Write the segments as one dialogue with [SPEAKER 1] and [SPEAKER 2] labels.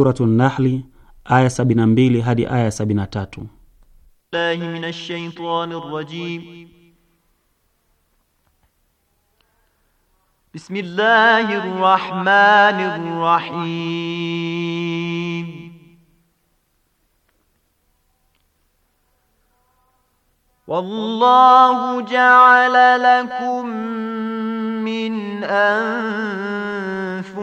[SPEAKER 1] Suratu Nahli aya mbili hadi aya 73.
[SPEAKER 2] Billahi minash shaitani rajim. Bismillahir Rahmanir Rahim. والله جعل لكم من أنفسكم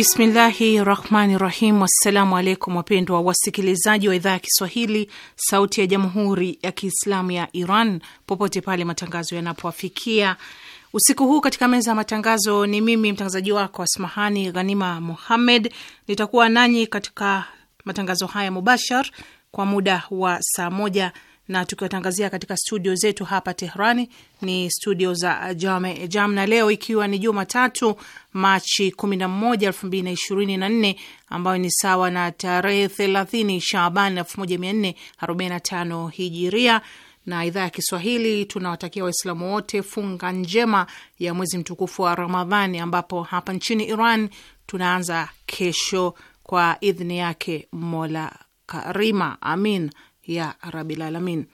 [SPEAKER 3] Bismillahi rahmani rahim. Wassalamu alaikum wapendwa wasikilizaji wa idhaa ya Kiswahili sauti ya jamhuri ya Kiislamu ya Iran popote pale matangazo yanapoafikia usiku huu katika meza ya matangazo, ni mimi mtangazaji wako Asmahani Ghanima Muhammed, nitakuwa nanyi katika matangazo haya mubashar kwa muda wa saa moja na tukiwatangazia katika studio zetu hapa Tehrani, ni studio za Jame Jam, na leo ikiwa ni Jumatatu Machi 11, 2024 ambayo ni sawa na tarehe 30 Shaban 1445 Hijiria na idhaa ya Kiswahili tunawatakia Waislamu wote funga njema ya mwezi mtukufu wa Ramadhani, ambapo hapa nchini Iran tunaanza kesho kwa idhini yake Mola Karima, amin ya rabil Alamin.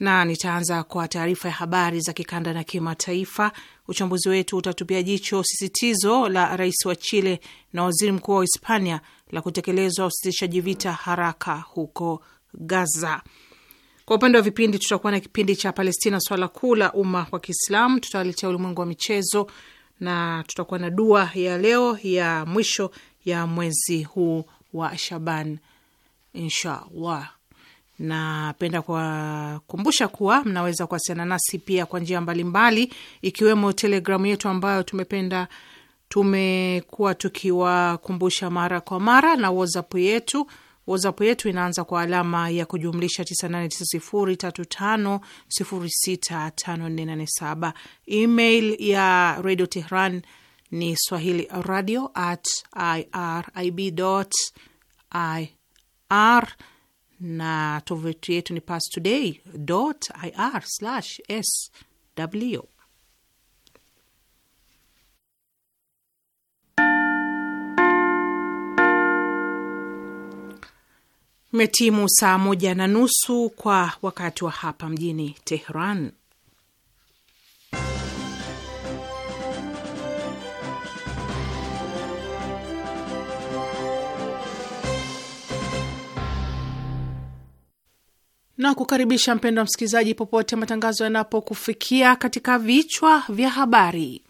[SPEAKER 3] Na nitaanza kwa taarifa ya habari za kikanda na kimataifa. Uchambuzi wetu utatupia jicho sisitizo la rais wa Chile na waziri mkuu wa Hispania la kutekelezwa usitishaji vita haraka huko Gaza. Kwa upande wa vipindi, tutakuwa na kipindi cha Palestina, swala kuu la umma wa Kiislamu, tutawaletea ulimwengu wa michezo na tutakuwa na dua ya leo ya mwisho ya mwezi huu wa Shaban, inshallah. Napenda kuwakumbusha kuwa mnaweza kuwasiliana nasi pia kwa njia mbalimbali, ikiwemo telegramu yetu ambayo tumependa tumekuwa tukiwakumbusha mara kwa mara, na whatsapp yetu. Whatsapp yetu inaanza kwa alama ya kujumlisha 989035065487. Email ya Radio Tehran ni swahili radio at irib.ir na tovuti yetu ni pastoday.ir/sw. Metimu saa moja na nusu kwa wakati wa hapa mjini Tehran. na kukaribisha mpendwa msikilizaji, popote matangazo yanapokufikia, katika vichwa vya habari.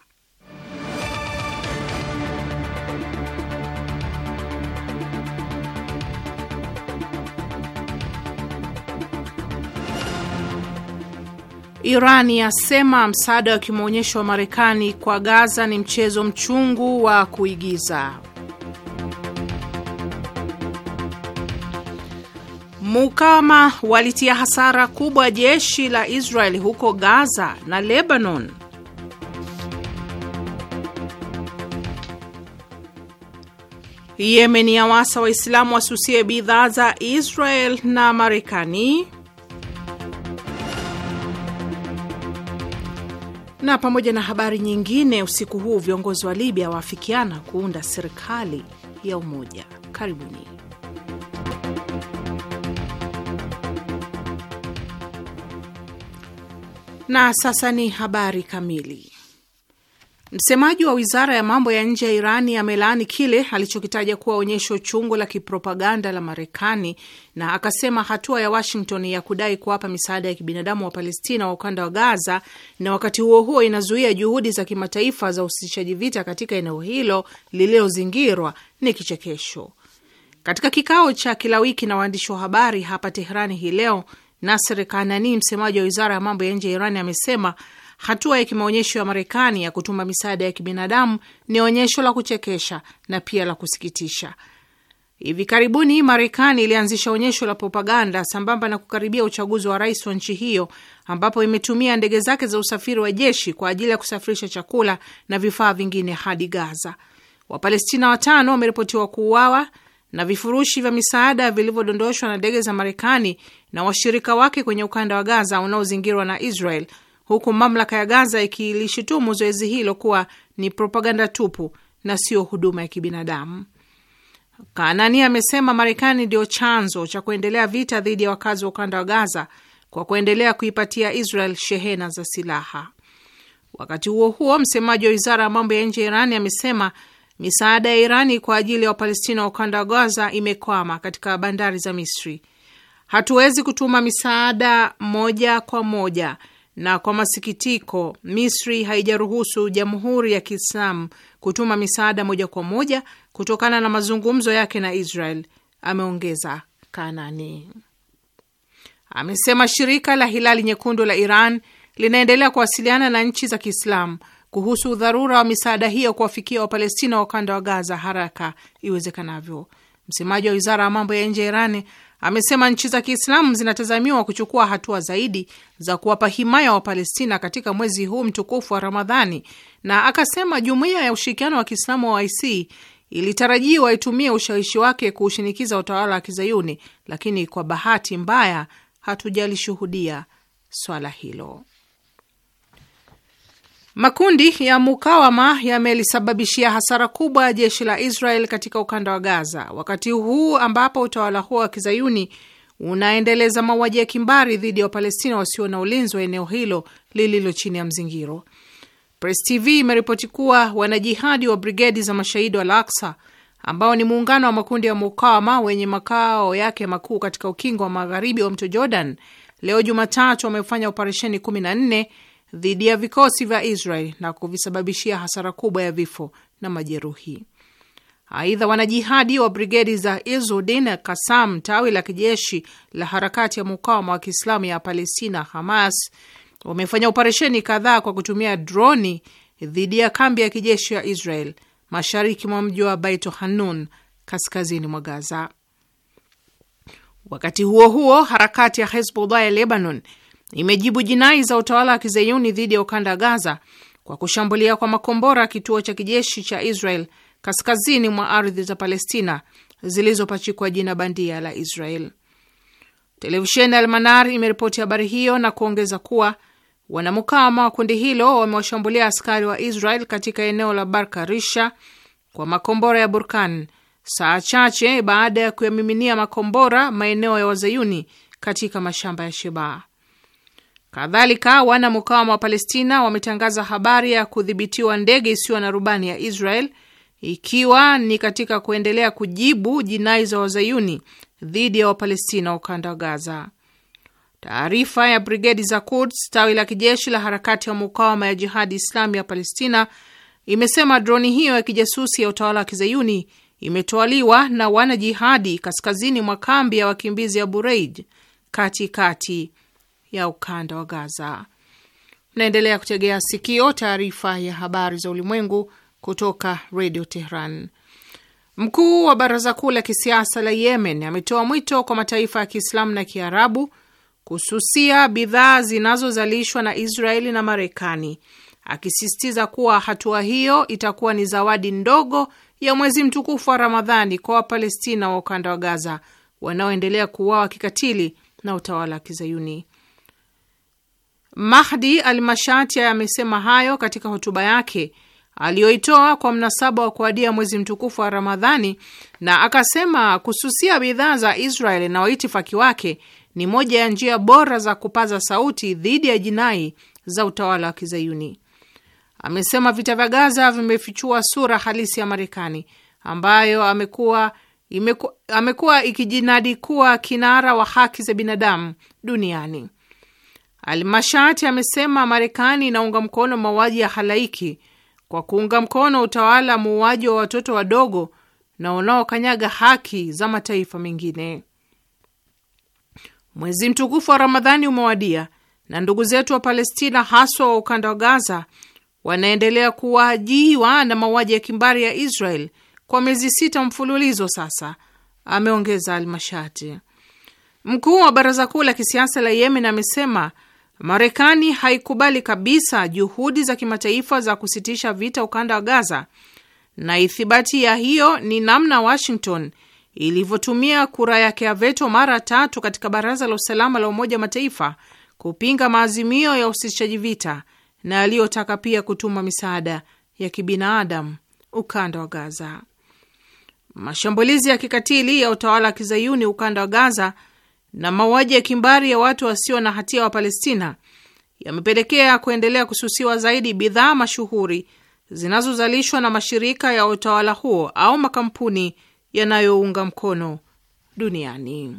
[SPEAKER 3] Iran yasema msaada wa kimaonyesho wa Marekani kwa Gaza ni mchezo mchungu wa kuigiza. mukama walitia hasara kubwa jeshi la Israel huko Gaza na Lebanon. Yemen wasa Waislamu wasusie bidhaa za Israel na Marekani. Na pamoja na habari nyingine, usiku huu viongozi wa Libya waafikiana kuunda serikali ya umoja. Karibuni. Na sasa ni habari kamili. Msemaji wa wizara ya mambo ya nje ya Irani amelaani kile alichokitaja kuwa onyesho chungu la kipropaganda la Marekani na akasema hatua ya Washington ya kudai kuwapa misaada ya kibinadamu wa Palestina wa ukanda wa Gaza na wakati huo huo inazuia juhudi za kimataifa za usitishaji vita katika eneo hilo lililozingirwa ni kichekesho. Katika kikao cha kila wiki na waandishi wa habari hapa Teherani hii leo Nasser Kanani, msemaji wa wizara ya mambo ya nje ya iran amesema hatua ya kimaonyesho ya Marekani ya kutuma misaada ya kibinadamu ni onyesho la kuchekesha na pia la kusikitisha. Hivi karibuni Marekani ilianzisha onyesho la propaganda sambamba na kukaribia uchaguzi wa rais wa nchi hiyo, ambapo imetumia ndege zake za usafiri wa jeshi kwa ajili ya kusafirisha chakula na vifaa vingine hadi Gaza. Wapalestina watano wameripotiwa kuuawa na vifurushi vya misaada vilivyodondoshwa na ndege za Marekani na washirika wake kwenye ukanda wa Gaza unaozingirwa na Israel, huku mamlaka ya Gaza ikilishutumu zoezi hilo kuwa ni propaganda tupu na sio huduma ya kibinadamu. Kanani amesema Marekani ndio chanzo cha kuendelea vita dhidi ya wakazi wa ukanda wa Gaza kwa kuendelea kuipatia Israel shehena za silaha. Wakati huo huo, msemaji wa wizara ya mambo ya nje ya Irani amesema Misaada ya Irani kwa ajili ya Wapalestina wa ukanda wa Gaza imekwama katika bandari za Misri. Hatuwezi kutuma misaada moja kwa moja, na kwa masikitiko, Misri haijaruhusu Jamhuri ya Kiislamu kutuma misaada moja kwa moja kutokana na mazungumzo yake na Israel, ameongeza Kanani. Amesema shirika la Hilali Nyekundu la Iran linaendelea kuwasiliana na nchi za Kiislamu kuhusu dharura wa misaada hiyo kuwafikia Wapalestina wa ukanda wa Gaza haraka iwezekanavyo. Msemaji wa wizara ya mambo ya nje ya Irani amesema nchi za Kiislamu zinatazamiwa kuchukua hatua zaidi za kuwapa himaya wapalestina katika mwezi huu mtukufu wa Ramadhani, na akasema jumuiya ya ushirikiano wa Kiislamu wa OIC ilitarajiwa itumie ushawishi wake kuushinikiza utawala wa Kizayuni, lakini kwa bahati mbaya hatujalishuhudia swala hilo. Makundi ya mukawama yamelisababishia hasara kubwa ya jeshi la Israel katika ukanda wa Gaza, wakati huu ambapo utawala huo wa kizayuni unaendeleza mauaji ya kimbari dhidi ya Wapalestina wasio na ulinzi wa eneo hilo lililo chini ya mzingiro. Press TV imeripoti kuwa wanajihadi wa brigedi za mashahidi wa Al-Aqsa ambao ni muungano wa makundi ya mukawama wenye makao yake makuu katika ukingo wa magharibi wa mto Jordan, leo Jumatatu wamefanya operesheni 14 dhidi ya vikosi vya Israel na kuvisababishia hasara kubwa ya vifo na majeruhi. Aidha, wanajihadi wa brigedi za Izudin Kasam, tawi la kijeshi la harakati ya mukawama wa Kiislamu ya Palestina, Hamas, wamefanya operesheni kadhaa kwa kutumia droni dhidi ya kambi ya kijeshi ya Israel mashariki mwa mji wa Baitu Hanun, kaskazini mwa Gaza. Wakati huo huo, harakati ya Hezbollah ya Lebanon imejibu jinai za utawala wa kizeyuni dhidi ya ukanda Gaza kwa kushambulia kwa makombora kituo cha kijeshi cha Israel kaskazini mwa ardhi za Palestina zilizopachikwa jina bandia la Israel. Televisheni ya Almanar imeripoti habari hiyo na kuongeza kuwa wanamkama wa kundi hilo wamewashambulia askari wa Israel katika eneo la barka risha kwa makombora ya Burkan saa chache baada ya kuyamiminia makombora maeneo ya Wazayuni katika mashamba ya Shebaa. Kadhalika, wana mukawama wa Palestina wametangaza habari ya kudhibitiwa ndege isiyo na rubani ya Israel ikiwa ni katika kuendelea kujibu jinai za wazayuni dhidi ya Wapalestina wa ukanda wa Gaza. Taarifa ya brigedi za Kuds, tawi la kijeshi la harakati ya mukawama ya Jihadi Islami ya Palestina, imesema droni hiyo ya kijasusi ya utawala wa kizayuni imetwaliwa na wanajihadi kaskazini mwa kambi ya wakimbizi ya Bureid katikati ya ukanda wa Gaza. Mnaendelea kutegea sikio taarifa ya habari za ulimwengu kutoka Redio Tehran. Mkuu wa baraza kuu la kisiasa la Yemen ametoa mwito kwa mataifa ya Kiislamu na Kiarabu kususia bidhaa zinazozalishwa na Israeli na Marekani, akisisitiza kuwa hatua hiyo itakuwa ni zawadi ndogo ya mwezi mtukufu wa Ramadhani kwa Wapalestina wa ukanda wa Gaza wanaoendelea kuuawa kikatili na utawala wa Kizayuni. Mahdi al Mashatia amesema hayo katika hotuba yake aliyoitoa kwa mnasaba wa kuadia mwezi mtukufu wa Ramadhani, na akasema kususia bidhaa za Israel na waitifaki wake ni moja ya njia bora za kupaza sauti dhidi ya jinai za utawala wa Kizayuni. Amesema vita vya Gaza vimefichua sura halisi ya Marekani ambayo amekuwa amekuwa ikijinadi kuwa kinara wa haki za binadamu duniani. Almashati amesema Marekani inaunga mkono mauaji ya halaiki kwa kuunga mkono utawala muuaji wa watoto wadogo na unaokanyaga haki za mataifa mengine. Mwezi mtukufu wa Ramadhani umewadia na ndugu zetu wa Palestina, haswa wa ukanda wa Gaza, wanaendelea kuwajiwa na mauaji ya kimbari ya Israel kwa miezi sita mfululizo sasa, ameongeza Almashati. Mkuu wa baraza kuu la kisiasa la Yemen amesema Marekani haikubali kabisa juhudi za kimataifa za kusitisha vita ukanda wa Gaza, na ithibati ya hiyo ni namna Washington ilivyotumia kura yake ya veto mara tatu katika Baraza la Usalama la Umoja wa Mataifa kupinga maazimio ya usitishaji vita na yaliyotaka pia kutuma misaada ya kibinadamu ukanda wa Gaza. Mashambulizi ya kikatili ya utawala wa kizayuni ukanda wa Gaza na mauaji ya kimbari ya watu wasio na hatia wa Palestina yamepelekea kuendelea kususiwa zaidi bidhaa mashuhuri zinazozalishwa na mashirika ya utawala huo au makampuni yanayounga mkono duniani.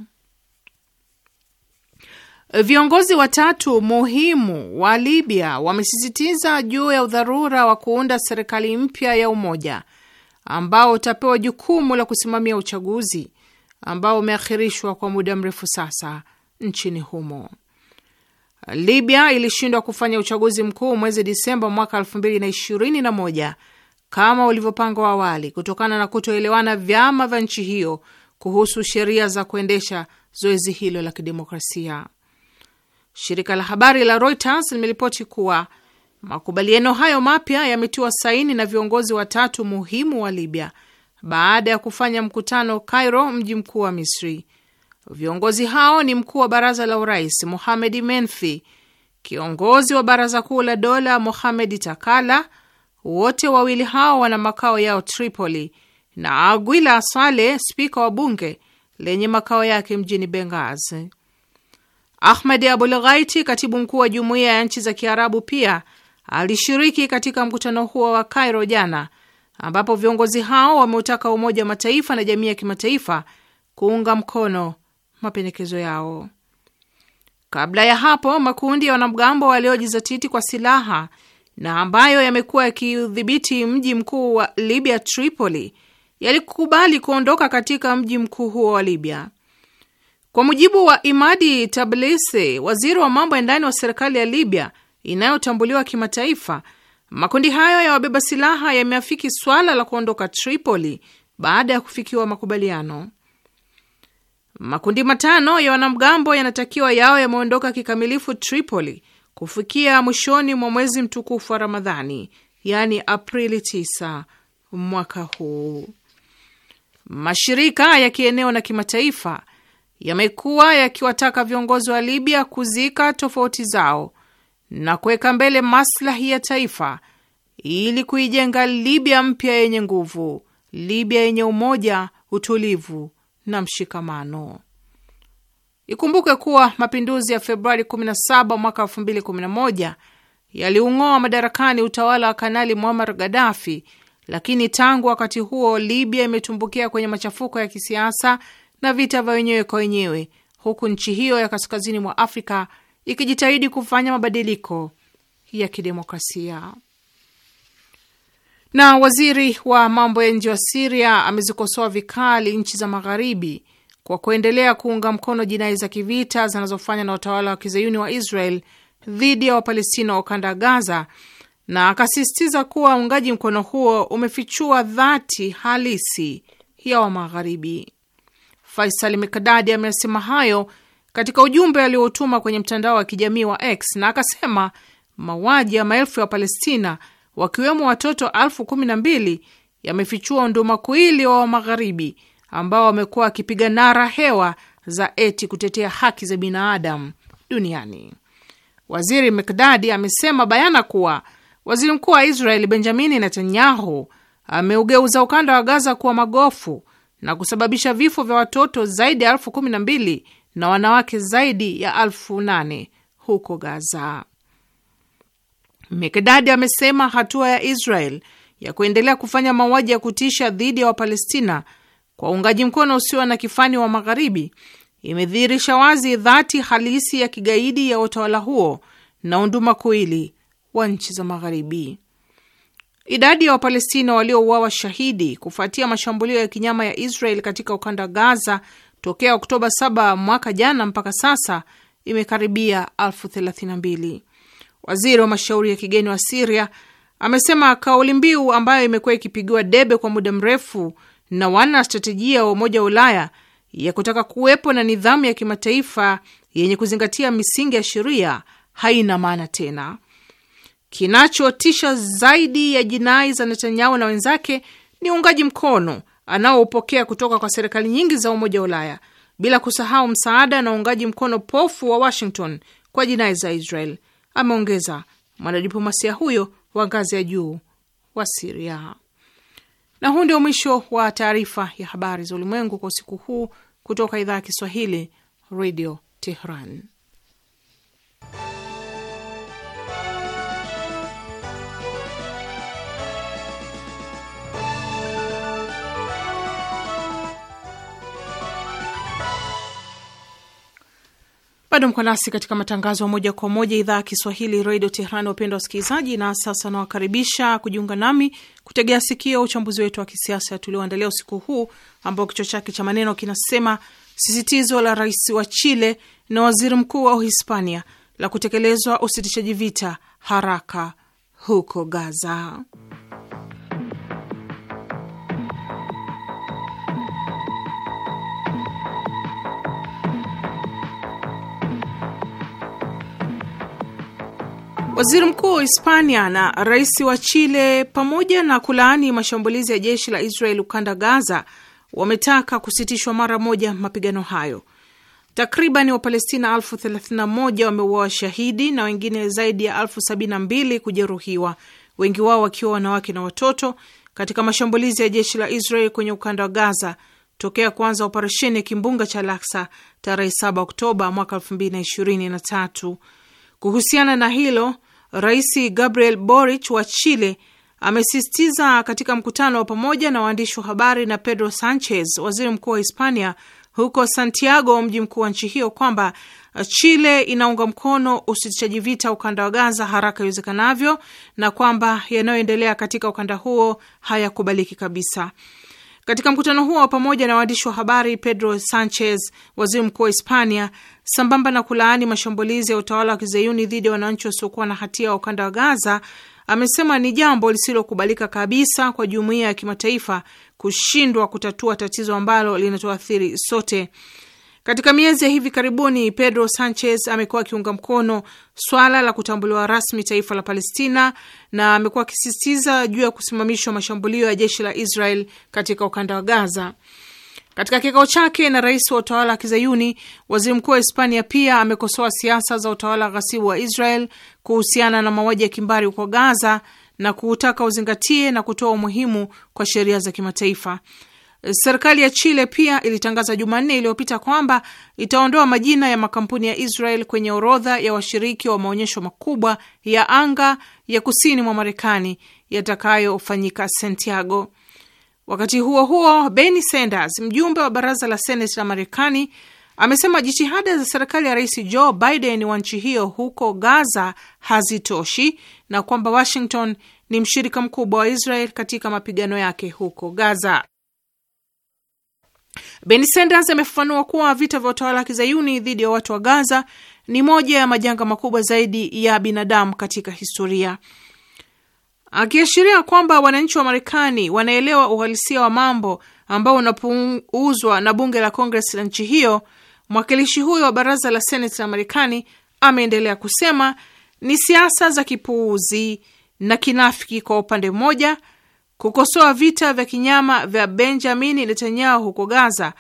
[SPEAKER 3] Viongozi watatu muhimu wa Libya wamesisitiza juu ya udharura wa kuunda serikali mpya ya umoja ambao utapewa jukumu la kusimamia uchaguzi ambao umeakhirishwa kwa muda mrefu sasa nchini humo. Libya ilishindwa kufanya uchaguzi mkuu mwezi Disemba mwaka moja kama ulivyopangwa awali kutokana na kutoelewana vyama vya nchi hiyo kuhusu sheria za kuendesha zoezi hilo la kidemokrasia. Shirika la habari la Reuters limeripoti kuwa makubaliano hayo mapya yametiwa saini na viongozi watatu muhimu wa Libya baada ya kufanya mkutano Cairo, mji mkuu wa Misri. Viongozi hao ni mkuu wa baraza la urais Mohamed Menfi, kiongozi wa baraza kuu la dola Mohamed Takala. Wote wawili hao wana makao yao Tripoli, na Aguila sale spika wa bunge lenye makao yake mjini bengazi Ahmed Abul Ghaiti, katibu mkuu wa jumuiya ya nchi za Kiarabu, pia alishiriki katika mkutano huo wa Cairo jana ambapo viongozi hao wameutaka Umoja wa Mataifa na jamii ya kimataifa kuunga mkono mapendekezo yao. Kabla ya hapo, makundi ya wanamgambo waliojizatiti kwa silaha na ambayo yamekuwa yakiudhibiti mji mkuu wa Libya, Tripoli, yalikubali kuondoka katika mji mkuu huo wa Libya. Kwa mujibu wa Imadi Tablisi, waziri wa mambo ya ndani wa serikali ya Libya inayotambuliwa kimataifa, Makundi hayo ya wabeba silaha yameafiki swala la kuondoka Tripoli baada ya kufikiwa makubaliano. Makundi matano ya wanamgambo yanatakiwa yao yameondoka kikamilifu Tripoli kufikia mwishoni mwa mwezi mtukufu wa Ramadhani, yaani Aprili 9 mwaka huu. Mashirika ya kieneo na kimataifa yamekuwa yakiwataka viongozi wa Libya kuzika tofauti zao na kuweka mbele maslahi ya taifa ili kuijenga Libya mpya yenye nguvu, Libya yenye umoja, utulivu na mshikamano. Ikumbuke kuwa mapinduzi ya Februari 17 mwaka 2011 yaliung'oa madarakani utawala wa Kanali Muammar Gaddafi, lakini tangu wakati huo Libya imetumbukia kwenye machafuko ya kisiasa na vita vya wenyewe kwa wenyewe, huku nchi hiyo ya kaskazini mwa Afrika ikijitahidi kufanya mabadiliko ya kidemokrasia. Na waziri wa mambo ya nje wa Siria amezikosoa vikali nchi za magharibi kwa kuendelea kuunga mkono jinai za kivita zinazofanywa na utawala wa kizayuni wa Israel dhidi ya Wapalestina wa ukanda wa Gaza, na akasisitiza kuwa uungaji mkono huo umefichua dhati halisi ya Wamagharibi. Faisal Mikdadi amesema hayo katika ujumbe aliotuma kwenye mtandao wa kijamii wa X, na akasema mauaji ya maelfu ya Wapalestina wakiwemo watoto elfu kumi na mbili yamefichua undumakuili wa Wamagharibi ambao wamekuwa wakipiga nara hewa za eti kutetea haki za binadamu duniani. Waziri Mikdadi amesema bayana kuwa waziri mkuu wa Israeli Benjamini Netanyahu ameugeuza ukanda wa Gaza kuwa magofu na kusababisha vifo vya watoto zaidi ya elfu kumi na mbili na wanawake zaidi ya elfu nane huko Gaza. Mikdadi amesema hatua ya Israel ya kuendelea kufanya mauaji ya kutisha dhidi ya Wapalestina kwa uungaji mkono usio na kifani wa Magharibi imedhihirisha wazi dhati halisi ya kigaidi ya utawala huo na unduma kuili wa nchi za Magharibi. Idadi ya Wapalestina waliouawa shahidi kufuatia mashambulio ya kinyama ya Israel katika ukanda wa Gaza tokea Oktoba 7 mwaka jana mpaka sasa imekaribia elfu thelathini na mbili. Waziri wa mashauri ya kigeni wa Siria amesema kauli mbiu ambayo imekuwa ikipigiwa debe kwa muda mrefu na wana stratejia wa Umoja wa Ulaya ya kutaka kuwepo na nidhamu ya kimataifa yenye kuzingatia misingi ya sheria haina maana tena. Kinachotisha zaidi ya jinai za Netanyahu na wenzake ni uungaji mkono anaoupokea kutoka kwa serikali nyingi za Umoja wa Ulaya, bila kusahau msaada na uungaji mkono pofu wa Washington kwa jinai za Israel, ameongeza mwanadiplomasia huyo wa ngazi ya juu wa Siria. Na huu ndio mwisho wa taarifa ya habari za ulimwengu kwa usiku huu kutoka idhaa ya Kiswahili, Radio Tehran. Bado mko nasi katika matangazo ya moja kwa moja idhaa ya Kiswahili redio Tehran, wapendwa wasikilizaji, na sasa nawakaribisha kujiunga nami kutegea sikio uchambuzi wetu wa kisiasa tulioandalia usiku huu ambao kichwa chake cha maneno kinasema sisitizo la rais wa Chile na waziri mkuu wa Uhispania la kutekelezwa usitishaji vita haraka huko Gaza. Waziri mkuu wa Hispania na rais wa Chile, pamoja na kulaani mashambulizi ya jeshi la Israel ukanda Gaza, wametaka kusitishwa mara moja mapigano hayo. Takriban Wapalestina elfu 31 wameuawa shahidi na wengine zaidi ya elfu 72 kujeruhiwa, wengi wao wakiwa wanawake na watoto katika mashambulizi ya jeshi la Israel kwenye ukanda wa Gaza tokea kuanza operesheni ya kimbunga cha Laksa tarehe 7 Oktoba mwaka 2023. Kuhusiana na hilo, Rais Gabriel Boric wa Chile amesisitiza katika mkutano wa pamoja na waandishi wa habari na Pedro Sanchez, waziri mkuu wa Hispania, huko Santiago, mji mkuu wa nchi hiyo, kwamba Chile inaunga mkono usitishaji vita ukanda wa Gaza haraka iwezekanavyo na kwamba yanayoendelea katika ukanda huo hayakubaliki kabisa. Katika mkutano huo wa pamoja na waandishi wa habari, Pedro Sanchez, waziri mkuu wa Hispania, sambamba na kulaani mashambulizi ya utawala wa kizayuni dhidi ya wananchi wasiokuwa na hatia wa ukanda wa Gaza, amesema ni jambo lisilokubalika kabisa kwa jumuiya ya kimataifa kushindwa kutatua tatizo ambalo linatuathiri sote. Katika miezi ya hivi karibuni, Pedro Sanchez amekuwa akiunga mkono swala la kutambuliwa rasmi taifa la Palestina na amekuwa akisisitiza juu ya kusimamishwa mashambulio ya jeshi la Israel katika ukanda wa Gaza. Katika kikao chake na rais wa utawala wa Kizayuni, waziri mkuu wa Hispania pia amekosoa siasa za utawala ghasibu wa Israel kuhusiana na mauaji ya kimbari huko Gaza na kuutaka uzingatie na kutoa umuhimu kwa sheria za kimataifa. Serikali ya Chile pia ilitangaza Jumanne iliyopita kwamba itaondoa majina ya makampuni ya Israel kwenye orodha ya washiriki wa maonyesho makubwa ya anga ya kusini mwa Marekani yatakayofanyika Santiago. Wakati huo huo, Bernie Sanders, mjumbe wa baraza la Seneti la Marekani, amesema jitihada za serikali ya Rais Joe Biden wa nchi hiyo huko Gaza hazitoshi na kwamba Washington ni mshirika mkubwa wa Israel katika mapigano yake huko Gaza. Ben Sanders amefafanua kuwa vita vya utawala wa kizayuni dhidi ya watu wa Gaza ni moja ya majanga makubwa zaidi ya binadamu katika historia, akiashiria kwamba wananchi wa Marekani wanaelewa uhalisia wa mambo ambao unapuuzwa na bunge la Kongres la nchi hiyo. Mwakilishi huyo wa baraza la Seneti la Marekani ameendelea kusema ni siasa za kipuuzi na kinafiki kwa upande mmoja kukosoa vita vya kinyama vya Benjamin Netanyahu huko Gaza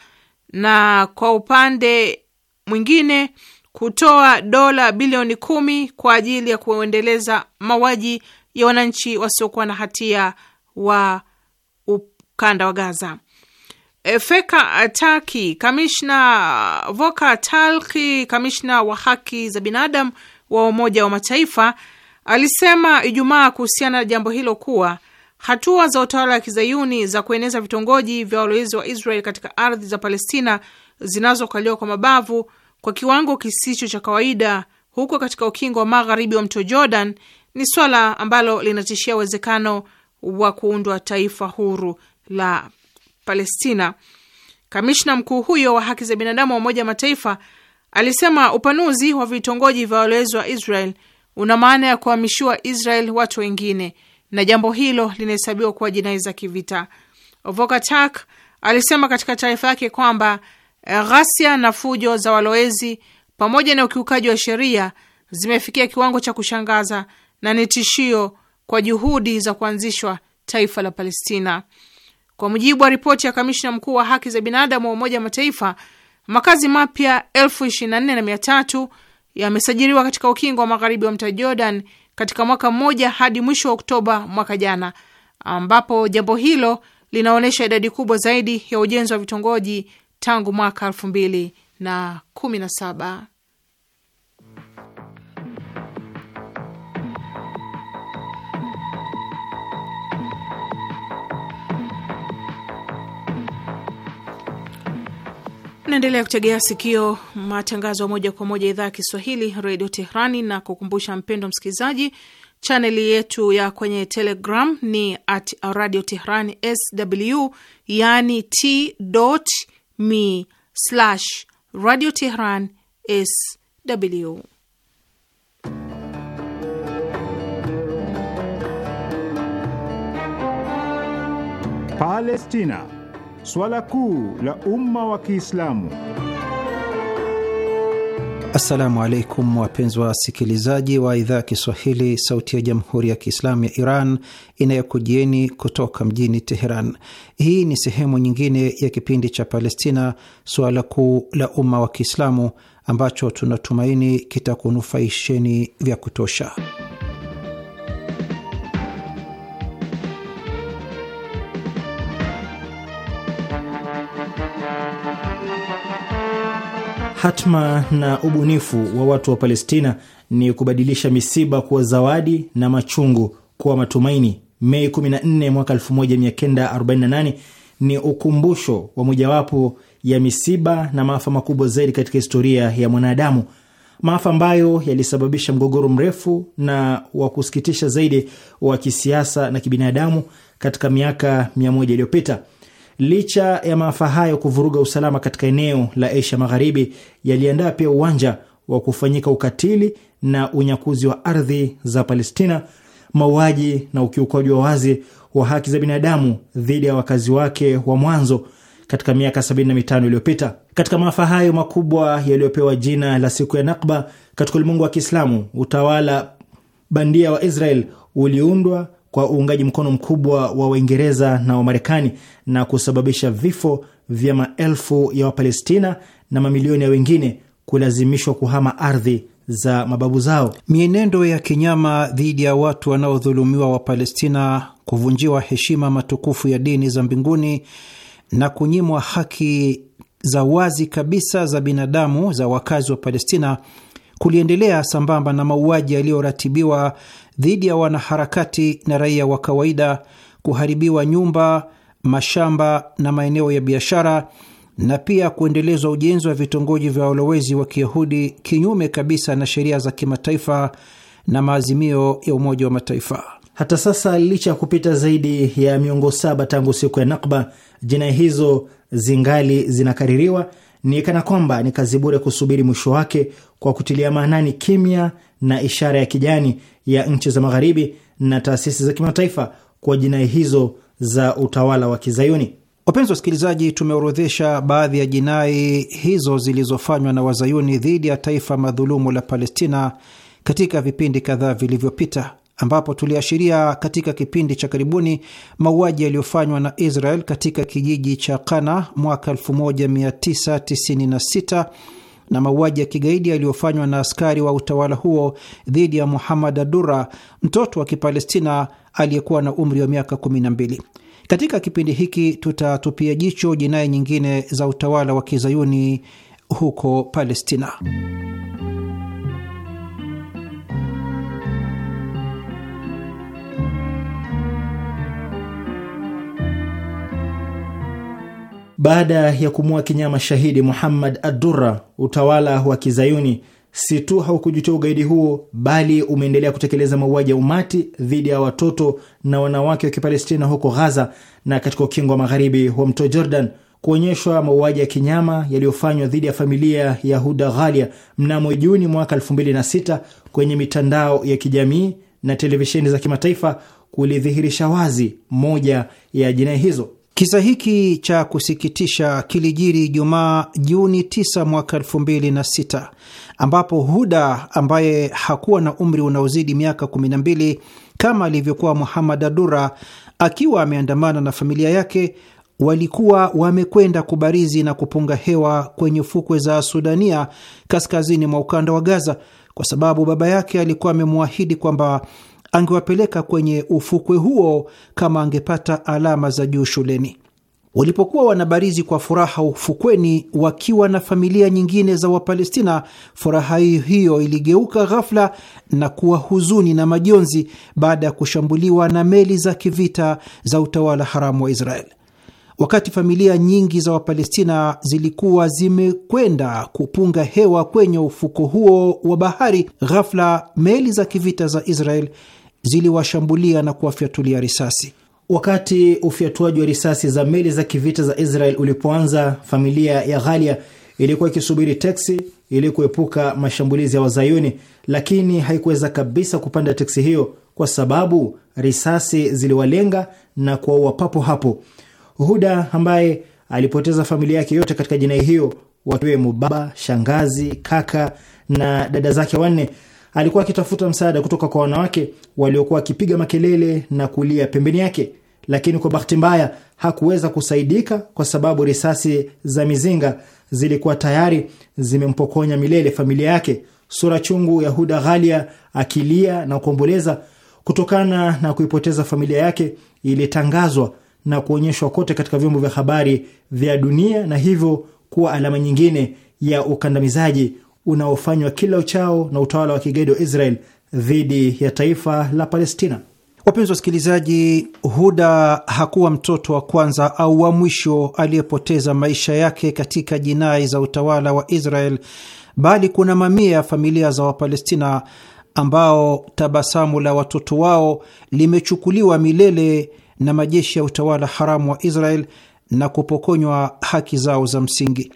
[SPEAKER 3] na kwa upande mwingine kutoa dola bilioni kumi kwa ajili ya kuendeleza mauaji ya wananchi wasiokuwa na hatia wa ukanda wa Gaza. E, Feka Ataki, kamishna Voka Talki, kamishna wa haki za binadamu wa Umoja wa Mataifa, alisema Ijumaa kuhusiana na jambo hilo kuwa Hatua za utawala wa kizayuni za kueneza vitongoji vya walowezi wa Israel katika ardhi za Palestina zinazokaliwa kwa mabavu kwa kiwango kisicho cha kawaida huko katika ukingo wa magharibi wa mto Jordan ni swala ambalo linatishia uwezekano wa kuundwa taifa huru la Palestina. Kamishna mkuu huyo wa haki za binadamu wa Umoja Mataifa alisema upanuzi wa vitongoji vya walowezi wa Israel una maana ya kuhamishiwa Israel watu wengine na jambo hilo linahesabiwa kuwa jinai za kivita. Vokatak alisema katika taarifa yake kwamba eh, ghasia na fujo za walowezi pamoja na ukiukaji wa sheria zimefikia kiwango cha kushangaza na ni tishio kwa juhudi za kuanzishwa taifa la Palestina. Kwa mujibu wa ripoti ya kamishna mkuu wa haki za binadamu wa Umoja wa Mataifa, makazi mapya elfu ishirini na nne na mia tatu yamesajiliwa katika ukingo wa magharibi wa mto Jordan katika mwaka mmoja hadi mwisho wa Oktoba mwaka jana, ambapo jambo hilo linaonyesha idadi kubwa zaidi ya ujenzi wa vitongoji tangu mwaka elfu mbili na kumi na saba. Naendelea kutegea sikio matangazo ya moja kwa moja idhaa ya Kiswahili redio Tehrani, na kukumbusha mpendo msikilizaji, chaneli yetu ya kwenye Telegram ni at radio tehran sw, yani t.me slash radio tehran sw.
[SPEAKER 4] Palestina swala kuu la umma wa Kiislamu. Assalamu alaikum wapenzi wasikilizaji wa idhaa ya Kiswahili, sauti ya jamhuri ya Kiislamu ya Iran inayokujieni kutoka mjini Teheran. Hii ni sehemu nyingine ya kipindi cha Palestina, suala kuu la umma wa Kiislamu, ambacho tunatumaini kitakunufaisheni vya kutosha.
[SPEAKER 1] Hatma na ubunifu wa watu wa Palestina ni kubadilisha misiba kuwa zawadi na machungu kuwa matumaini. Mei 14 mwaka 1948 ni ukumbusho wa mojawapo ya misiba na maafa makubwa zaidi katika historia ya mwanadamu, maafa ambayo yalisababisha mgogoro mrefu na wa kusikitisha zaidi wa kisiasa na kibinadamu katika miaka 100 iliyopita. Licha ya maafa hayo kuvuruga usalama katika eneo la Asia Magharibi, yaliandaa pia uwanja wa kufanyika ukatili na unyakuzi wa ardhi za Palestina, mauaji na ukiukaji wa wazi wa haki za binadamu dhidi ya wakazi wake wa mwanzo katika miaka 75 iliyopita. Katika maafa hayo makubwa yaliyopewa jina la siku ya Nakba katika ulimwengu wa Kiislamu, utawala bandia wa Israel uliundwa kwa uungaji mkono mkubwa wa Waingereza na Wamarekani na kusababisha vifo vya maelfu ya Wapalestina
[SPEAKER 4] na mamilioni ya wengine kulazimishwa kuhama ardhi za mababu zao. Mienendo ya kinyama dhidi ya watu wanaodhulumiwa wa Palestina, kuvunjiwa heshima matukufu ya dini za mbinguni na kunyimwa haki za wazi kabisa za binadamu za wakazi wa Palestina kuliendelea sambamba na mauaji yaliyoratibiwa dhidi ya wanaharakati na raia wa kawaida, kuharibiwa nyumba, mashamba na maeneo ya biashara, na pia kuendelezwa ujenzi wa vitongoji vya walowezi wa Kiyahudi kinyume kabisa na sheria za kimataifa na maazimio ya Umoja wa Mataifa. Hata sasa, licha ya kupita zaidi ya
[SPEAKER 1] miongo saba tangu siku ya Nakba, jinai hizo zingali zinakaririwa. Ni kana kwamba ni kazi bure kusubiri mwisho wake, kwa kutilia maanani kimya na ishara ya kijani ya nchi za Magharibi na taasisi za kimataifa kwa jinai hizo
[SPEAKER 4] za utawala wa Kizayuni. Wapenzi wasikilizaji, tumeorodhesha baadhi ya jinai hizo zilizofanywa na Wazayuni dhidi ya taifa madhulumu la Palestina katika vipindi kadhaa vilivyopita, ambapo tuliashiria katika kipindi cha karibuni mauaji yaliyofanywa na Israel katika kijiji cha Kana mwaka 1996 na mauaji ya kigaidi yaliyofanywa na askari wa utawala huo dhidi ya Muhammad Adura, mtoto wa Kipalestina aliyekuwa na umri wa miaka 12. Katika kipindi hiki tutatupia jicho jinai nyingine za utawala wa kizayuni huko Palestina.
[SPEAKER 1] Baada ya kumua kinyama shahidi Muhammad Adura, utawala wa kizayuni si tu haukujutia ugaidi huo, bali umeendelea kutekeleza mauaji ya umati dhidi ya watoto na wanawake wa Kipalestina huko Ghaza na katika ukingo wa magharibi wa mto Jordan. Kuonyeshwa mauaji ya kinyama yaliyofanywa dhidi ya familia ya Huda Ghalia mnamo Juni mwaka 2006 kwenye mitandao ya kijamii na televisheni za kimataifa kulidhihirisha wazi moja
[SPEAKER 4] ya jinai hizo. Kisa hiki cha kusikitisha kilijiri Ijumaa, Juni 9 mwaka 26 ambapo Huda ambaye hakuwa na umri unaozidi miaka 12 kama alivyokuwa Muhammad Adura, akiwa ameandamana na familia yake, walikuwa wamekwenda kubarizi na kupunga hewa kwenye fukwe za Sudania kaskazini mwa ukanda wa Gaza, kwa sababu baba yake alikuwa amemwahidi kwamba angewapeleka kwenye ufukwe huo kama angepata alama za juu shuleni. Walipokuwa wanabarizi kwa furaha ufukweni wakiwa na familia nyingine za Wapalestina, furaha hiyo iligeuka ghafla na kuwa huzuni na majonzi baada ya kushambuliwa na meli za kivita za utawala haramu wa Israeli. Wakati familia nyingi za Wapalestina zilikuwa zimekwenda kupunga hewa kwenye ufuko huo wa bahari, ghafla meli za kivita za Israel ziliwashambulia na kuwafyatulia risasi. Wakati
[SPEAKER 1] ufyatuaji wa risasi za meli za kivita za Israel ulipoanza, familia ya Ghalia ilikuwa ikisubiri teksi ili kuepuka mashambulizi ya Wazayuni, lakini haikuweza kabisa kupanda teksi hiyo kwa sababu risasi ziliwalenga na kuwaua papo hapo. Huda ambaye alipoteza familia yake yote katika jinai hiyo, wakiwemo baba, shangazi, kaka na dada zake wanne, alikuwa akitafuta msaada kutoka kwa wanawake waliokuwa wakipiga makelele na kulia pembeni yake, lakini kwa bahati mbaya hakuweza kusaidika kwa sababu risasi za mizinga zilikuwa tayari zimempokonya milele familia yake. Sura chungu ya Huda Ghalia akilia na kuomboleza kutokana na kuipoteza familia yake ilitangazwa na kuonyeshwa kote katika vyombo vya habari vya dunia na hivyo kuwa alama nyingine ya ukandamizaji unaofanywa kila uchao na utawala wa kigaidi wa Israel
[SPEAKER 4] dhidi ya taifa la Palestina. Wapenzi wasikilizaji, Huda hakuwa mtoto wa kwanza au wa mwisho aliyepoteza maisha yake katika jinai za utawala wa Israel, bali kuna mamia ya familia za Wapalestina ambao tabasamu la watoto wao limechukuliwa milele na majeshi ya utawala haramu wa Israel na kupokonywa haki zao za msingi.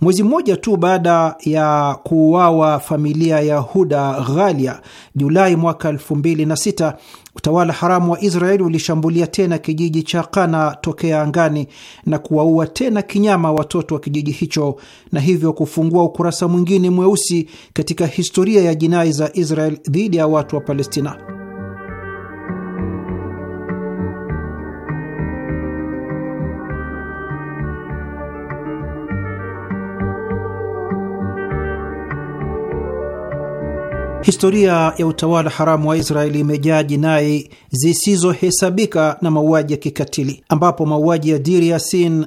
[SPEAKER 4] Mwezi mmoja tu baada ya kuuawa familia ya Huda Ghalia, Julai mwaka sita, utawala haramu wa Israeli ulishambulia tena kijiji cha Kana tokea angani na kuwaua tena kinyama watoto wa kijiji hicho, na hivyo kufungua ukurasa mwingine mweusi katika historia ya jinai za Israel dhidi ya watu wa Palestina. Historia ya utawala haramu wa Israeli imejaa jinai zisizohesabika na mauaji ya kikatili, ambapo mauaji ya Dir Yasin,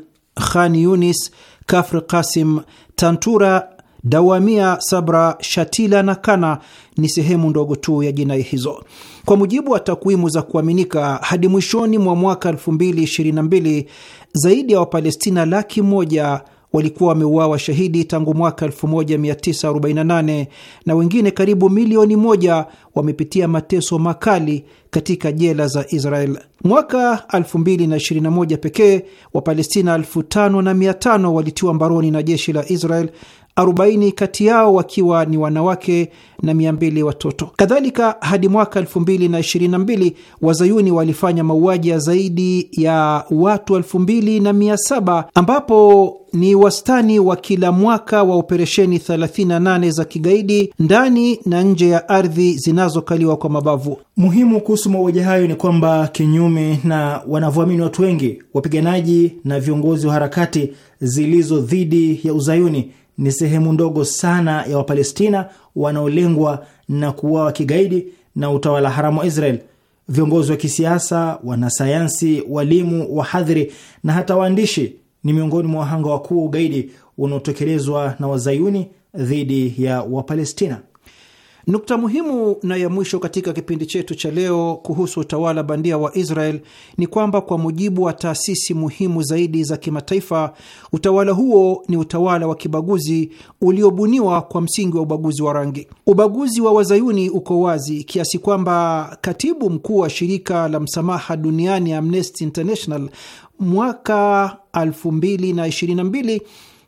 [SPEAKER 4] Khan Yunis, Kafr Kasim, Tantura, Dawamia, Sabra, Shatila na Kana ni sehemu ndogo tu ya jinai hizo. Kwa mujibu wa takwimu za kuaminika, hadi mwishoni mwa mwaka 2022 zaidi ya Wapalestina laki moja walikuwa wameuawa shahidi tangu mwaka 1948 na wengine karibu milioni moja wamepitia mateso makali katika jela za Israel. Mwaka 2021 pekee Wapalestina 5500 walitiwa mbaroni na jeshi la Israel 40 kati yao wakiwa ni wanawake na 200 watoto. Kadhalika, hadi mwaka 2022 wazayuni walifanya mauaji ya zaidi ya watu 2700 ambapo ni wastani wa kila mwaka wa operesheni 38 za kigaidi ndani na nje ya ardhi zinazokaliwa kwa mabavu.
[SPEAKER 1] Muhimu kuhusu mauaji hayo ni kwamba kinyume na wanavyoamini watu wengi, wapiganaji na viongozi wa harakati zilizo dhidi ya uzayuni ni sehemu ndogo sana ya Wapalestina wanaolengwa na kuuawa kigaidi na utawala haramu wa Israel. Viongozi wa kisiasa, wanasayansi, walimu, wahadhiri na hata waandishi ni miongoni mwa wahanga wakuu wa ugaidi unaotekelezwa
[SPEAKER 4] na wazayuni dhidi ya Wapalestina. Nukta muhimu na ya mwisho katika kipindi chetu cha leo kuhusu utawala bandia wa Israel ni kwamba kwa mujibu wa taasisi muhimu zaidi za kimataifa, utawala huo ni utawala wa kibaguzi uliobuniwa kwa msingi wa ubaguzi wa rangi. Ubaguzi wa wazayuni uko wazi kiasi kwamba katibu mkuu wa shirika la msamaha duniani Amnesty International mwaka 2022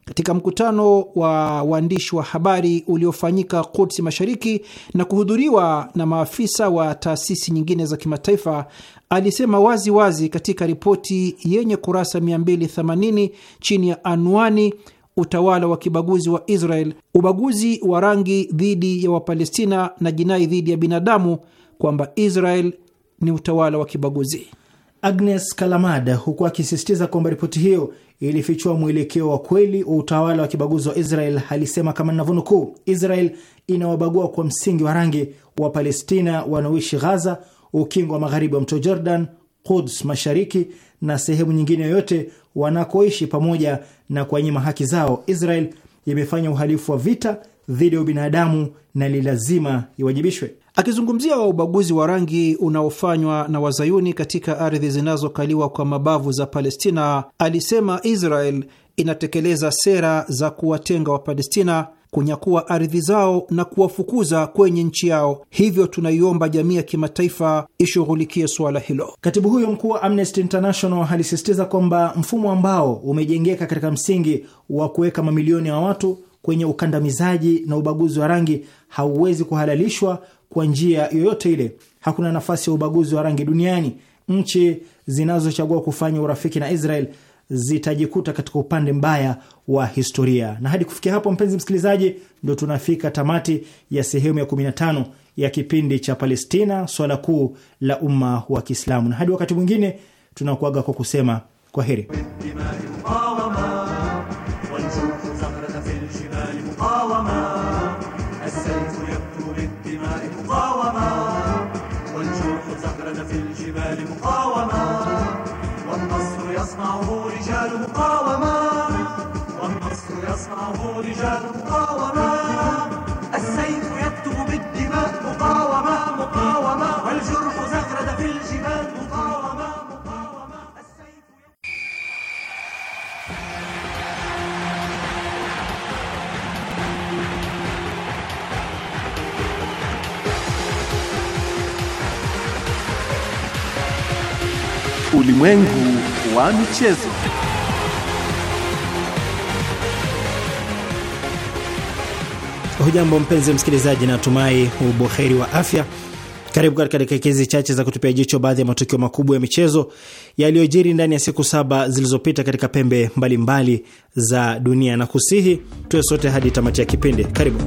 [SPEAKER 4] katika mkutano wa waandishi wa habari uliofanyika kutsi Mashariki na kuhudhuriwa na maafisa wa taasisi nyingine za kimataifa, alisema wazi wazi katika ripoti yenye kurasa 280 chini ya anwani utawala wa kibaguzi wa Israel, ubaguzi wa rangi dhidi ya Wapalestina na jinai dhidi ya binadamu, kwamba Israel ni utawala wa kibaguzi. Agnes Kalamada,
[SPEAKER 1] huku akisisitiza kwamba ripoti hiyo ilifichua mwelekeo wa kweli wa utawala wa kibaguzi wa Israel, alisema kama ninavyonukuu, Israel inawabagua kwa msingi wa rangi wa Palestina wanaoishi Ghaza, ukingo wa magharibi wa mto Jordan, Quds mashariki na sehemu nyingine yoyote wanakoishi, pamoja na kuwanyima haki zao. Israel
[SPEAKER 4] imefanya uhalifu wa vita dhidi ya ubinadamu na ni lazima iwajibishwe. Akizungumzia wa ubaguzi wa rangi unaofanywa na wazayuni katika ardhi zinazokaliwa kwa mabavu za Palestina, alisema Israel inatekeleza sera za kuwatenga Wapalestina, kunyakua ardhi zao na kuwafukuza kwenye nchi yao. Hivyo tunaiomba jamii ya kimataifa ishughulikie suala hilo. Katibu huyo mkuu wa Amnesty International
[SPEAKER 1] alisisitiza kwamba mfumo ambao umejengeka katika msingi wa kuweka mamilioni ya watu kwenye ukandamizaji na ubaguzi wa rangi hauwezi kuhalalishwa kwa njia yoyote ile. Hakuna nafasi ya ubaguzi wa rangi duniani. Nchi zinazochagua kufanya urafiki na Israel zitajikuta katika upande mbaya wa historia. Na hadi kufikia hapo, mpenzi msikilizaji, ndio tunafika tamati ya sehemu ya 15 ya kipindi cha Palestina, swala kuu la umma wa Kiislamu. Na hadi wakati mwingine, tunakuaga kwa kusema kwa heri.
[SPEAKER 2] رجال مقاومة السيف يكتب بالدماء مقاومة مقاومة والجرح زغرد في الجبال مقاومة مقاومة السيف
[SPEAKER 1] Ulimwengu wa michezo. Hujambo mpenzi msikilizaji, natumai ubuheri wa afya. Karibu katika dakika hizi chache za kutupia jicho baadhi ya matukio makubwa ya michezo yaliyojiri ndani ya siku saba zilizopita katika pembe mbalimbali mbali za dunia, na kusihi tuwe sote hadi tamati ya kipindi. Karibu.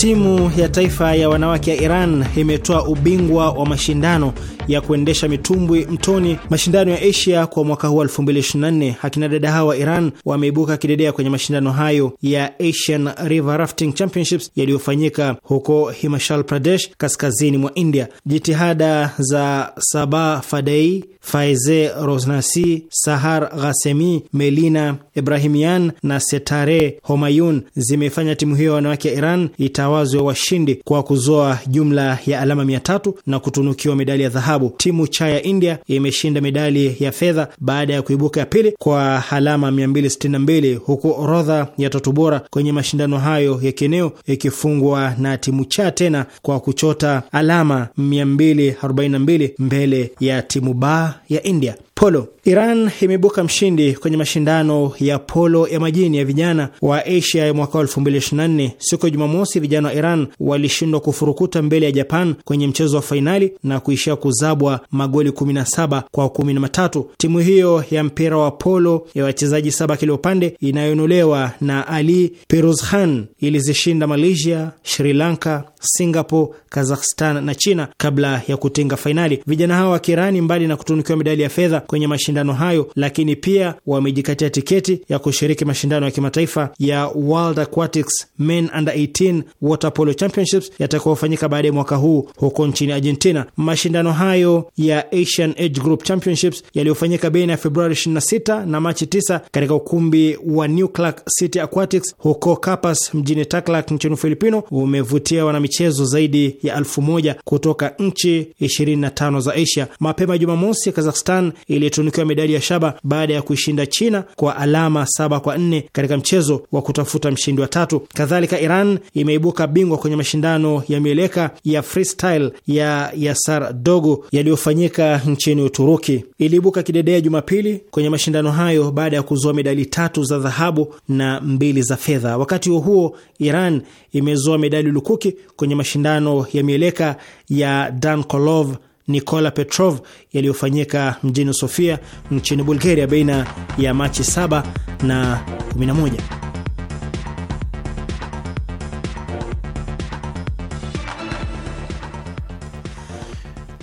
[SPEAKER 1] Timu ya taifa ya wanawake ya Iran imetoa ubingwa wa mashindano ya kuendesha mitumbwi mtoni mashindano ya Asia kwa mwaka huu 2024. Akina dada hawa wa Iran wameibuka kidedea kwenye mashindano hayo ya Asian River Rafting Championships yaliyofanyika huko Himachal Pradesh, kaskazini mwa India. Jitihada za Saba Fadei, Faize rosnasi Sahar Ghasemi, Melina Ibrahimian na Setare Homayun zimefanya timu hiyo ya wanawake ya Iran ita wazi wa washindi kwa kuzoa jumla ya alama mia tatu na kutunukiwa medali ya dhahabu. Timu cha ya India imeshinda medali ya fedha baada ya kuibuka ya pili kwa alama 262 huku orodha ya tatu bora kwenye mashindano hayo ya kieneo ikifungwa na timu cha tena kwa kuchota alama 242 mbele ya timu ba ya India. Polo. Iran imeibuka mshindi kwenye mashindano ya polo ya majini ya vijana wa Asia ya mwaka 2024. Siku ya Jumamosi, vijana wa Iran walishindwa kufurukuta mbele ya Japan kwenye mchezo wa fainali na kuishia kuzabwa magoli 17 kwa 13. Timu hiyo ya mpira wa polo ya wachezaji saba kila upande inayonolewa na Ali Peruzhan ilizishinda Malaysia, Sri Lanka, Singapore, Kazakhstan na China kabla ya kutinga fainali. Vijana hawa wa Kirani, mbali na kutunukiwa medali ya fedha kwenye mashindano hayo, lakini pia wamejikatia tiketi ya kushiriki mashindano ya kimataifa ya World Aquatics Men Under 18 Water Polo Championships yatakayofanyika baada ya mwaka huu huko nchini Argentina. Mashindano hayo ya Asian Age Group Championships yaliyofanyika baina ya Februari 26 na Machi 9 katika ukumbi wa New Clark City Aquatics huko Capas mjini taklak nchini Ufilipino umevutia wanamichezo zaidi ya elfu moja kutoka nchi 25 za Asia. Mapema Jumamosi, Kazakhstan ilitunikiwa medali ya shaba baada ya kuishinda China kwa alama saba kwa nne katika mchezo wa kutafuta mshindi wa tatu. Kadhalika, Iran imeibuka bingwa kwenye mashindano ya mieleka ya freestyle ya Yasar Dogo yaliyofanyika nchini Uturuki. Iliibuka kidedea Jumapili kwenye mashindano hayo baada ya kuzoa medali tatu za dhahabu na mbili za fedha. Wakati huo huo, Iran imezoa medali lukuki kwenye mashindano ya mieleka ya Dankolov Nikola Petrov yaliyofanyika mjini Sofia nchini Bulgaria baina ya Machi 7 na 11.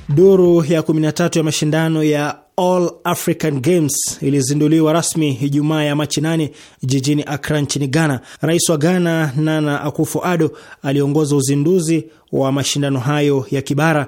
[SPEAKER 1] Duru ya 13 ya mashindano ya All African Games ilizinduliwa rasmi Ijumaa ya Machi 8 jijini Akra nchini Ghana. Rais wa Ghana Nana akufo ado aliongoza uzinduzi wa mashindano hayo ya kibara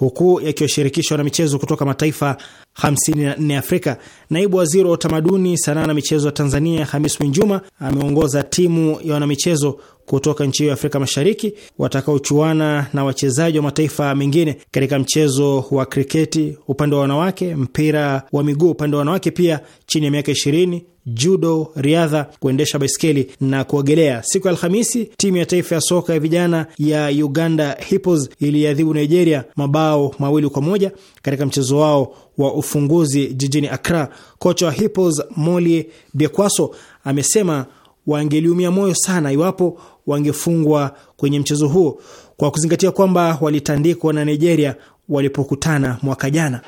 [SPEAKER 1] huku yakiwashirikisha wanamichezo kutoka mataifa 54 ya Afrika. Naibu waziri wa utamaduni, sanaa na michezo wa Tanzania, Hamis Mwinjuma, ameongoza timu ya wanamichezo kutoka nchi hiyo ya Afrika Mashariki watakaochuana na wachezaji wa mataifa mengine katika mchezo wa kriketi upande wa wanawake, mpira wa miguu upande wa wanawake pia chini ya miaka ishirini judo, riadha, kuendesha baiskeli na kuogelea. Siku ya Alhamisi, timu ya taifa ya soka ya vijana ya Uganda Hippos iliadhibu Nigeria mabao mawili kwa moja katika mchezo wao wa ufunguzi jijini Accra. Kocha wa Hippos Moli Biekwaso amesema wangeliumia moyo sana iwapo wangefungwa kwenye mchezo huo kwa kuzingatia kwamba walitandikwa na Nigeria walipokutana mwaka jana.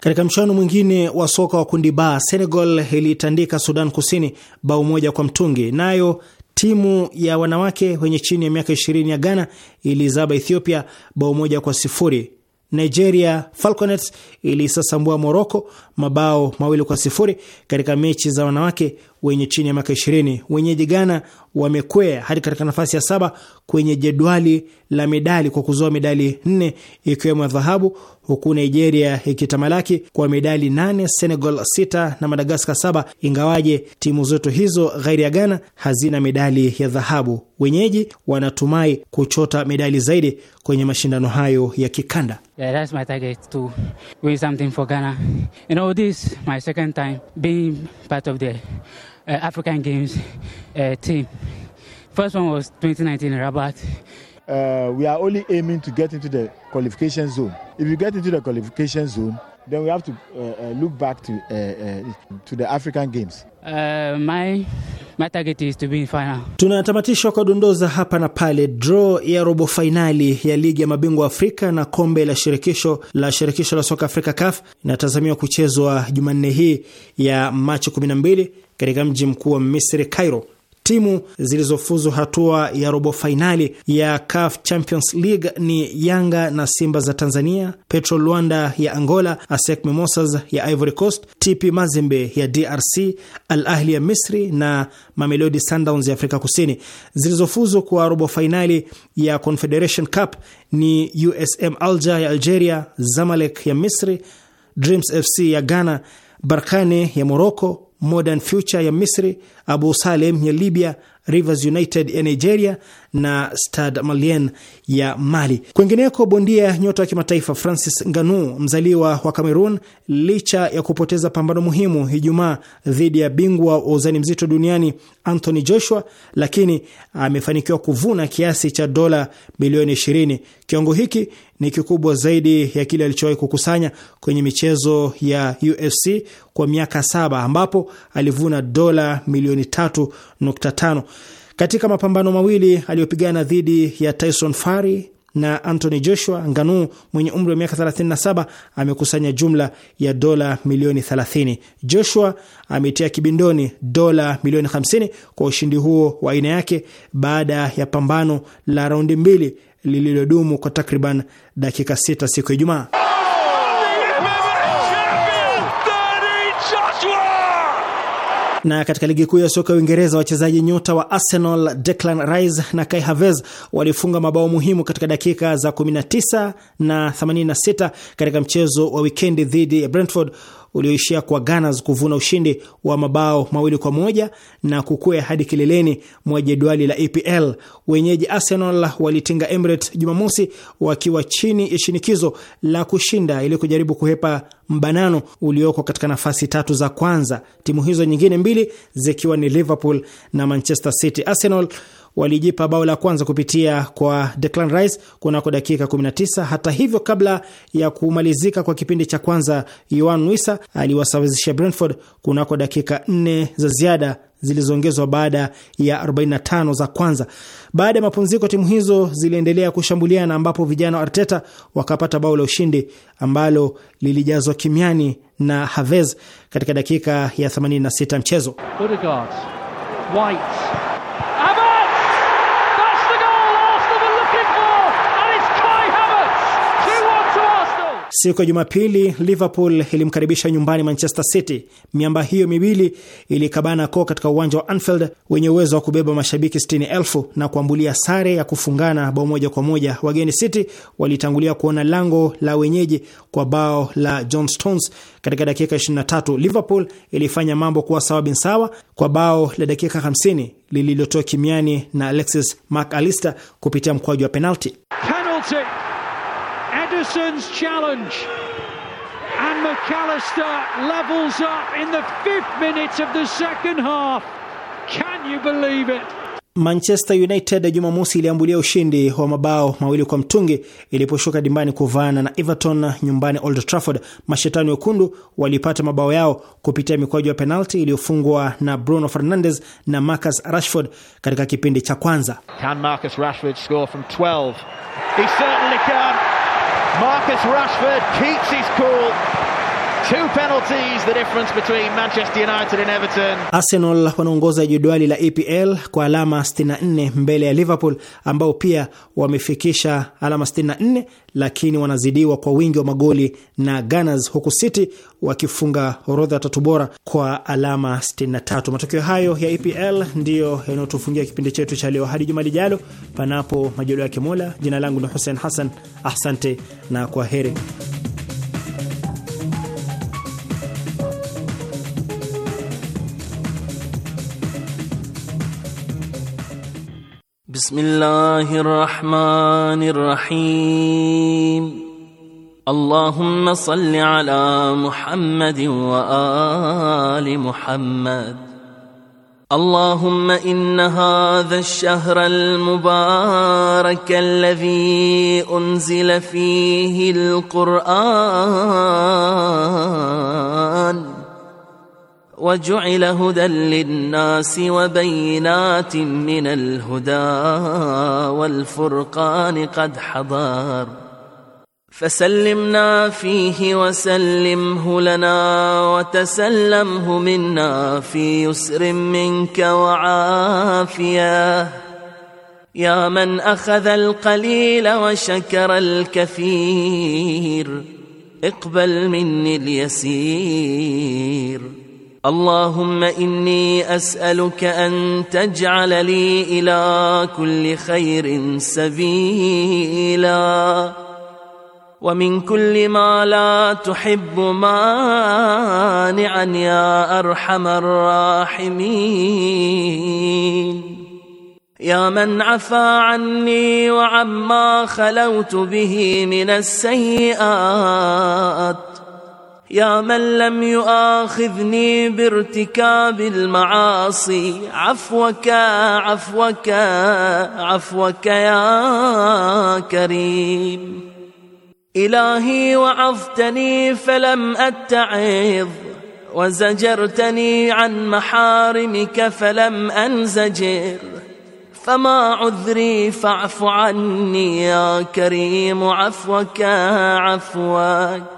[SPEAKER 1] Katika mchuano mwingine wa soka wa kundi ba, Senegal ilitandika Sudan Kusini bao moja kwa mtungi, nayo timu ya wanawake wenye chini ya miaka 20 ya Ghana ilizaba Ethiopia bao moja kwa sifuri. Nigeria Falconets ilisasambua Morocco mabao mawili kwa sifuri katika mechi za wanawake wenye chini ya miaka 20. Wenyeji Ghana wamekwea hadi katika nafasi ya saba kwenye jedwali la medali kwa kuzoa medali nne ikiwemo ya dhahabu, huku Nigeria ikitamalaki kwa medali nane, Senegal sita na Madagaskar saba, ingawaje timu zote hizo ghairi ya Ghana hazina medali ya dhahabu. Wenyeji wanatumai kuchota medali zaidi kwenye mashindano hayo ya kikanda.
[SPEAKER 3] Yeah, No, this my second time being part of the uh, African Games uh, team. First one was 2019 Rabat.
[SPEAKER 1] Uh, we are only aiming to get into the qualification zone. If you get into the qualification zone, then we have to uh, uh, look back to uh, uh to the African Games.
[SPEAKER 5] Uh, my
[SPEAKER 3] my target is to be in final.
[SPEAKER 1] Tunatamatishwa kwa dondoza hapa na pale draw ya robo fainali ya ligi ya mabingwa Afrika na kombe la shirikisho la shirikisho la soka Afrika CAF inatazamiwa kuchezwa Jumanne hii ya Machi 12 katika mji mkuu wa Misri Cairo. Timu zilizofuzu hatua ya robo fainali ya CAF Champions League ni Yanga na Simba za Tanzania, Petro Luanda ya Angola, ASEC Mimosas ya Ivory Coast, TP Mazembe ya DRC, Al Ahli ya Misri na Mamelodi Sundowns ya Afrika Kusini. Zilizofuzu kwa robo fainali ya Confederation Cup ni USM Alger ya Algeria, Zamalek ya Misri, Dreams FC ya Ghana, Barkane ya Morocco, Modern Future ya Misri, Abu Salem ya Libya, Rivers United ya Nigeria na Stade Malien ya Mali. Kwingineko, bondia nyota wa kimataifa Francis Ngannou mzaliwa wa Cameroon, licha ya kupoteza pambano muhimu Ijumaa dhidi ya bingwa wa uzani mzito duniani Anthony Joshua, lakini amefanikiwa kuvuna kiasi cha dola milioni 20. Kiwango hiki ni kikubwa zaidi ya kile alichowahi kukusanya kwenye michezo ya UFC kwa miaka saba ambapo alivuna dola milioni 3.5. Katika mapambano mawili aliyopigana dhidi ya Tyson Fury na Anthony Joshua, Ngannou mwenye umri wa miaka 37 amekusanya jumla ya dola milioni 30. Joshua ametia kibindoni dola milioni 50 kwa ushindi huo wa aina yake baada ya pambano la raundi mbili lililodumu kwa takriban dakika 6 siku ya Ijumaa. Na katika ligi kuu ya soka ya Uingereza, wachezaji nyota wa Arsenal Declan Rice na Kai Havertz walifunga mabao muhimu katika dakika za 19 na 86 katika mchezo wa wikendi dhidi ya Brentford ulioishia kwa Gunners kuvuna ushindi wa mabao mawili kwa moja na kukwea hadi kileleni mwa jedwali la EPL. Wenyeji Arsenal walitinga Emirates Jumamosi wakiwa chini ya shinikizo la kushinda ili kujaribu kuhepa mbanano ulioko katika nafasi tatu za kwanza, timu hizo nyingine mbili zikiwa ni Liverpool na Manchester City. Arsenal walijipa bao la kwanza kupitia kwa Declan Rice kunako dakika 19. Hata hivyo, kabla ya kumalizika kwa kipindi cha kwanza, Yoan Wissa aliwasawazisha Brentford kunako dakika 4 za ziada zilizoongezwa baada ya 45 za kwanza. Baada ya mapumziko, timu hizo ziliendelea kushambuliana, ambapo vijana wa Arteta wakapata bao la ushindi ambalo lilijazwa kimiani na havez katika dakika ya 86 mchezo
[SPEAKER 5] White.
[SPEAKER 1] Siku ya Jumapili, Liverpool ilimkaribisha nyumbani Manchester City. Miamba hiyo miwili ilikabana koo katika uwanja wa Anfield wenye uwezo wa kubeba mashabiki sitini na kuambulia sare ya kufungana bao moja kwa moja. Wageni City walitangulia kuona lango la wenyeji kwa bao la John Stones katika dakika 23. Liverpool ilifanya mambo kuwa sawa bin sawa kwa bao la dakika 50 lililotoa kimiani na Alexis Mac Alister kupitia mkwaju wa penalti
[SPEAKER 5] penalty. Anderson's challenge. And McAllister levels up in the fifth minute of the second half. Can you believe it?
[SPEAKER 1] Manchester United Jumamosi iliambulia ushindi wa mabao mawili kwa mtungi iliposhuka dimbani kuvaana na Everton nyumbani Old Trafford. Mashetani wekundu walipata mabao yao kupitia mikwaju ya penalti iliyofungwa na Bruno Fernandes na Marcus Rashford katika kipindi cha kwanza. Can Marcus Rashford score from 12? He certainly can. Marcus Rashford keeps his cool Two penalties, the difference between Manchester United and Everton. Arsenal wanaongoza jedwali la EPL kwa alama 64 mbele ya Liverpool ambao pia wamefikisha alama 64, lakini wanazidiwa kwa wingi wa magoli na Gunners, huku City wakifunga orodha tatu bora kwa alama 63. Matokeo hayo ya EPL ndiyo yanayotufungia kipindi chetu cha leo. Hadi juma lijalo, panapo majaliwa ya Mola. Jina langu ni Hussein Hassan, asante na kwa heri.
[SPEAKER 5] بسم الله الرحمن الرحيم اللهم صل على محمد وآل محمد اللهم إن هذا الشهر المبارك الذي أنزل فيه القرآن وجعل هدى للناس وبينات من الهدى والفرقان قد حضر فسلمنا فيه وسلمه لنا وتسلمه منا في يسر منك وعافيه يا من اخذ القليل وشكر الكثير اقبل مني اليسير اللهم إني أسألك أن تجعل لي إلى كل خير سبيلا ومن كل ما لا تحب مانعا يا أرحم الراحمين يا من عفا عني وعما خلوت به من السيئات يا من لم يؤاخذني بارتكاب المعاصي عفوك عفوك عفوك يا كريم إلهي وعظتني فلم أتعظ وزجرتني عن محارمك فلم أنزجر فما عذري فاعف عني يا كريم عفوك عفوك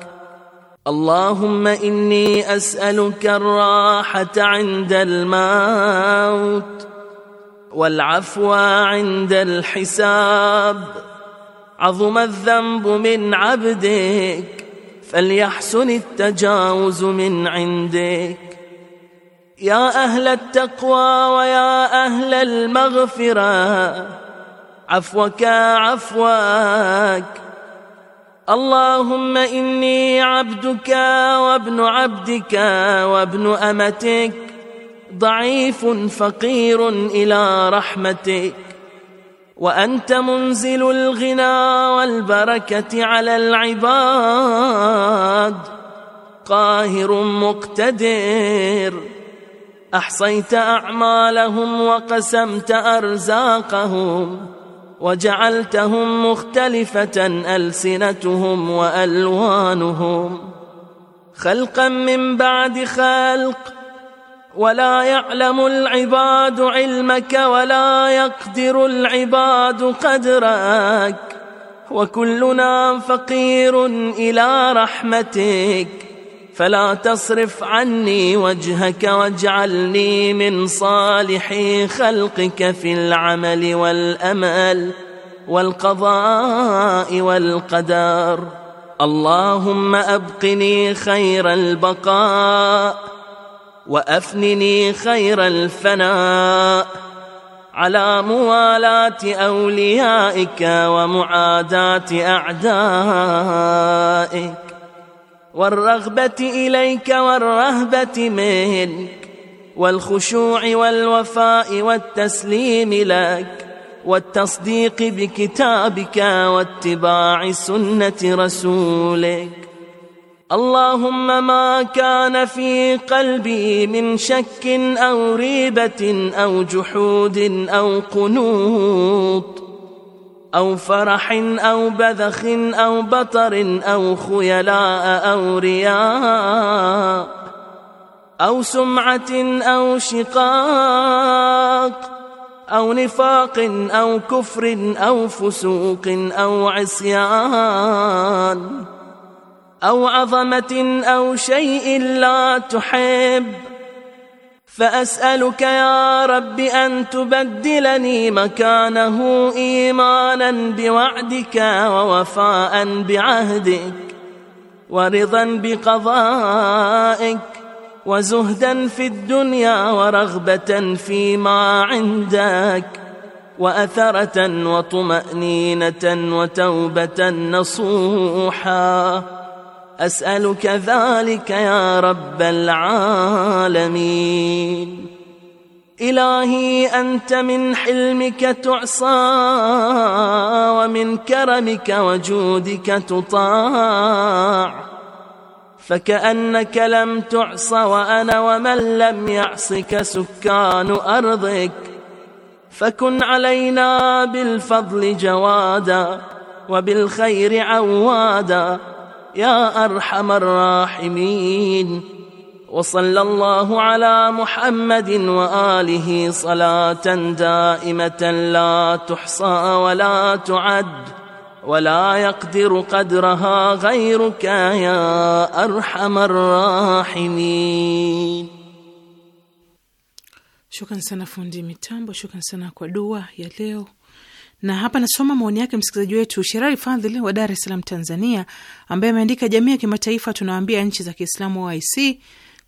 [SPEAKER 5] اللهم إني أسألك الراحة عند الموت والعفو عند الحساب عظم الذنب من عبدك فليحسن التجاوز من عندك يا أهل التقوى ويا أهل المغفرة عفوك عفوك اللهم إني عبدك وابن عبدك وابن أمتك ضعيف فقير إلى رحمتك وأنت منزل الغنى والبركة على العباد قاهر مقتدر أحصيت أعمالهم وقسمت أرزاقهم وجعلتهم مختلفة ألسنتهم وألوانهم خلقا من بعد خلق ولا يعلم العباد علمك ولا يقدر العباد قدرك وكلنا فقير إلى رحمتك فلا تصرف عني وجهك واجعلني من صالحي خلقك في العمل والامل والقضاء والقدر اللهم ابقني خير البقاء وافنني خير الفناء على موالاه اوليائك ومعاداه اعدائك والرغبة إليك والرهبة منك والخشوع والوفاء والتسليم لك والتصديق بكتابك واتباع سنة رسولك اللهم ما كان في قلبي من شك أو ريبة أو جحود أو قنوط أو فرح أو بذخ أو بطر أو خيلاء أو رياء أو سمعة أو شقاق أو نفاق أو كفر أو فسوق أو عصيان أو عظمة أو شيء لا تحب فأسألك يا رب أن تبدلني مكانه إيمانا بوعدك ووفاء بعهدك ورضا بقضائك وزهدا في الدنيا ورغبة فيما عندك وأثرة وطمأنينة وتوبة نصوحاً أسألك ذلك يا رب العالمين إلهي أنت من حلمك تعصى ومن كرمك وجودك تطاع فكأنك لم تعص وأنا ومن لم يعصك سكان أرضك فكن علينا بالفضل جوادا وبالخير عوادا يا ارحم الراحمين وصلى الله على محمد واله صلاه دائمه لا تحصى ولا تعد ولا يقدر قدرها غيرك يا ارحم
[SPEAKER 3] الراحمين Shukran sana fundi mitambo, shukran sana kwa dua ya leo. Na hapa nasoma maoni yake msikilizaji wetu Sherali Fadhili wa Dar es Salaam, Tanzania, ambaye ameandika: jamii ya kimataifa tunawaambia nchi za Kiislamu OIC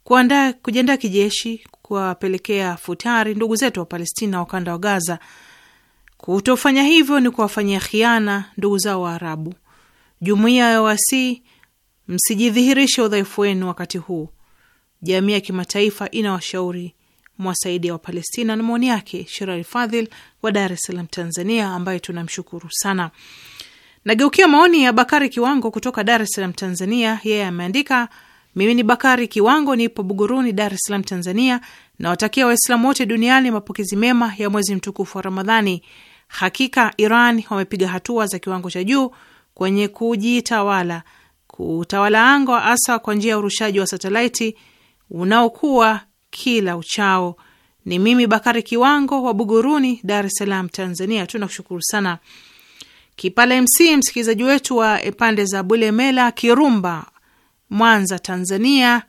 [SPEAKER 3] kuandaa kujiandaa kijeshi kuwapelekea futari ndugu zetu wa Palestina wakanda wa Gaza. Kutofanya hivyo ni kuwafanyia khiana ndugu zao wa Arabu. Jumuiya ya OIC, msijidhihirishe udhaifu wenu wakati huu. Jamii ya kimataifa inawashauri mwasaidia wa Palestina, na maoni yake Shirali Fadhil wa Dar es Salaam, Tanzania, ambaye tunamshukuru sana. Nageukia maoni ya Bakari Kiwango kutoka Dar es Salaam, Tanzania. Yeye yeah, ameandika mimi ni Bakari Kiwango, nipo Buguruni, Dar es Salaam, Tanzania. Nawatakia Waislamu wote duniani mapokezi mema ya mwezi mtukufu wa Ramadhani. Hakika Iran wamepiga hatua za kiwango cha juu kwenye kujitawala, kutawala anga, hasa kwa njia ya urushaji wa satelaiti unaokuwa kila uchao. Ni mimi Bakari Kiwango wa Buguruni, Dar es Salaam, Tanzania. Tunakushukuru sana Kipala MC, msikilizaji wetu wa pande za Bulemela, Kirumba, Mwanza, Tanzania,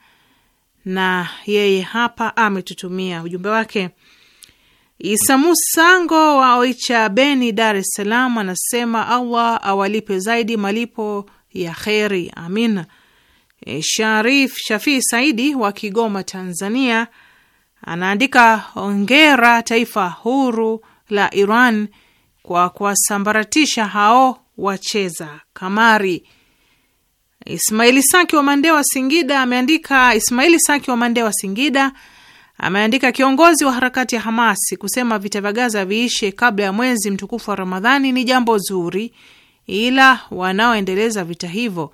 [SPEAKER 3] na yeye hapa ametutumia ujumbe wake. Isamu Sango wa Oicha Beni, Dar es Salaam, anasema Allah awalipe zaidi malipo ya kheri, amin. E, Sharif Shafii Saidi wa Kigoma, Tanzania, anaandika hongera taifa huru la Iran kwa kuwasambaratisha hao wacheza kamari. Ismaili Saki wa Mande wa Singida ameandika. Ismaili Saki wa Mande wa Singida ameandika, kiongozi wa harakati ya Hamasi kusema vita vya Gaza viishe kabla ya mwezi mtukufu wa Ramadhani ni jambo zuri, ila wanaoendeleza vita hivyo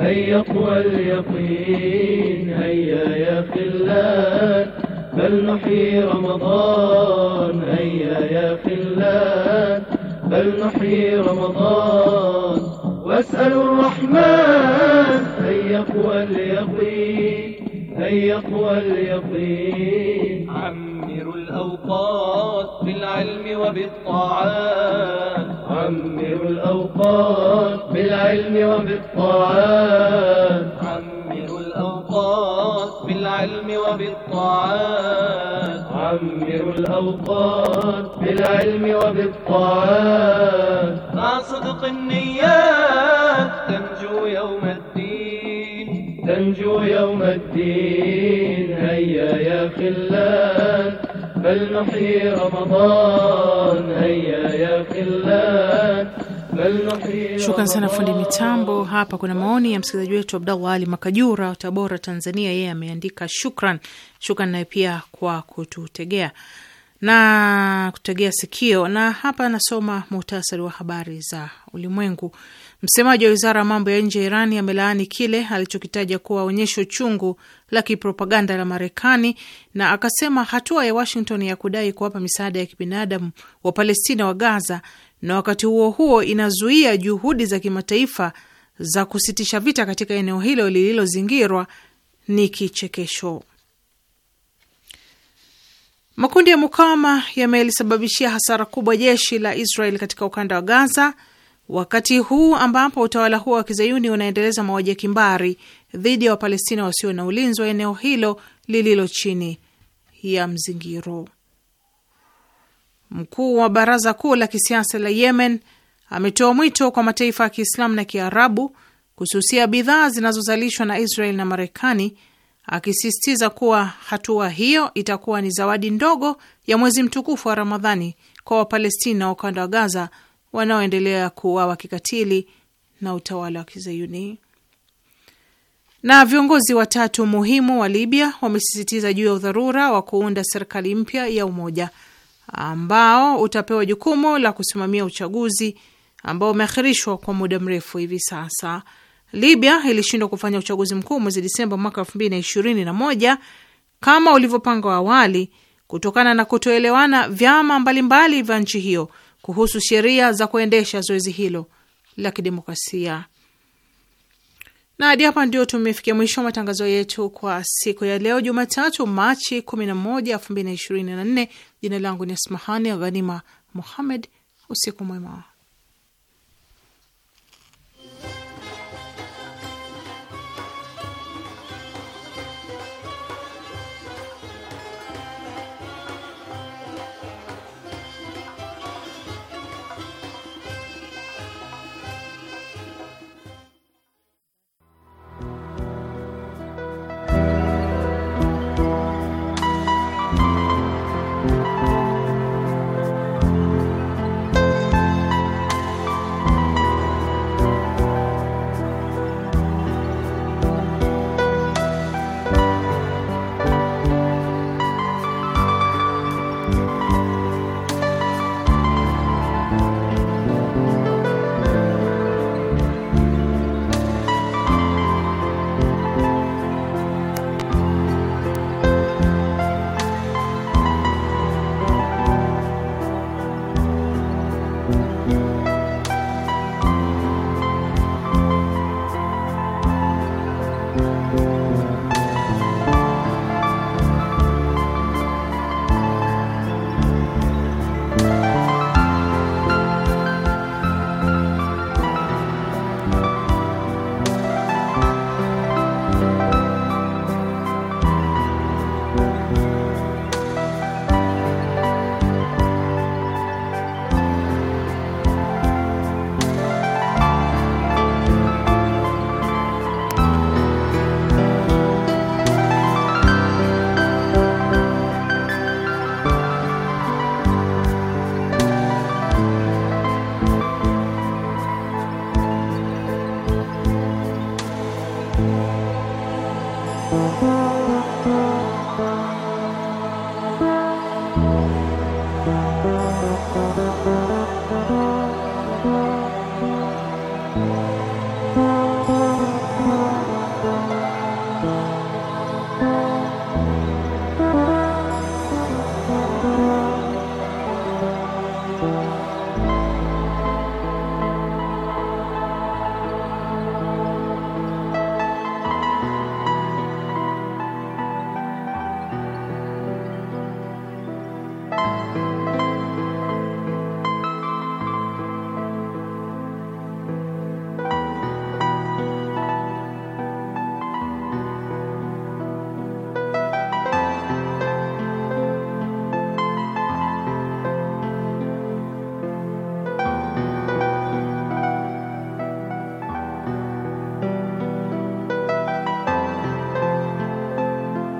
[SPEAKER 5] هيا يقوى اليقين هيا يا خلان فلنحيي رمضان هيا يا خلان فلنحيي رمضان واسألوا الرحمن هيا قوى اليقين هيا قوى اليقين عمروا الأوقات بالعلم وبالطاعات عمروا الأوقات بالعلم وبالطاعات عمروا الأوقات بالعلم وبالطاعات عمروا الأوقات بالعلم وبالطاعات مع صدق النيات تنجو يوم الدين
[SPEAKER 3] تنجو يوم الدين هيا يا خلان
[SPEAKER 5] بل رمضان هيا يا khillan
[SPEAKER 3] Shukran sana fundi mitambo. Hapa kuna maoni ya msikilizaji wetu Abdallah Ali Makajura Tabora, Tanzania. Yeye ameandika shukran, shukran naye pia kwa kututegea na kutegea sikio. Na hapa anasoma muhtasari wa habari za ulimwengu. Msemaji wa wizara ya mambo ya nje ya Irani amelaani kile alichokitaja kuwa onyesho chungu la kipropaganda la Marekani na akasema hatua ya Washington ya kudai kuwapa misaada ya kibinadamu wa Palestina wa Gaza na wakati huo huo inazuia juhudi za kimataifa za kusitisha vita katika eneo hilo lililozingirwa ni kichekesho. Makundi ya mukawama yamelisababishia hasara kubwa jeshi la Israel katika ukanda wa Gaza wakati huu ambapo utawala huo wa kizayuni unaendeleza mauaji ya kimbari dhidi ya Wapalestina wasio na ulinzi wa eneo hilo lililo chini ya mzingiro. Mkuu wa baraza kuu la kisiasa la Yemen ametoa mwito kwa mataifa ya Kiislamu na Kiarabu kususia bidhaa zinazozalishwa na Israel na Marekani, akisisitiza kuwa hatua hiyo itakuwa ni zawadi ndogo ya mwezi mtukufu wa Ramadhani kwa Wapalestina wa ukanda wa Gaza wanaoendelea kuuawa kikatili na utawala wa Kizayuni. Na viongozi watatu muhimu wa Libya wamesisitiza juu ya udharura wa kuunda serikali mpya ya umoja ambao utapewa jukumu la kusimamia uchaguzi ambao umeahirishwa kwa muda mrefu hivi sasa. Libya ilishindwa kufanya uchaguzi mkuu mwezi Disemba mwaka elfu mbili na ishirini na moja kama ulivyopangwa awali kutokana na kutoelewana vyama mbalimbali vya nchi hiyo kuhusu sheria za kuendesha zoezi hilo la kidemokrasia. Na hadi hapa ndio tumefikia mwisho wa matangazo yetu kwa siku ya leo Jumatatu, Machi 11, 2024. Jina langu ni Asmahani Ghanima Muhammed. Usiku mwema.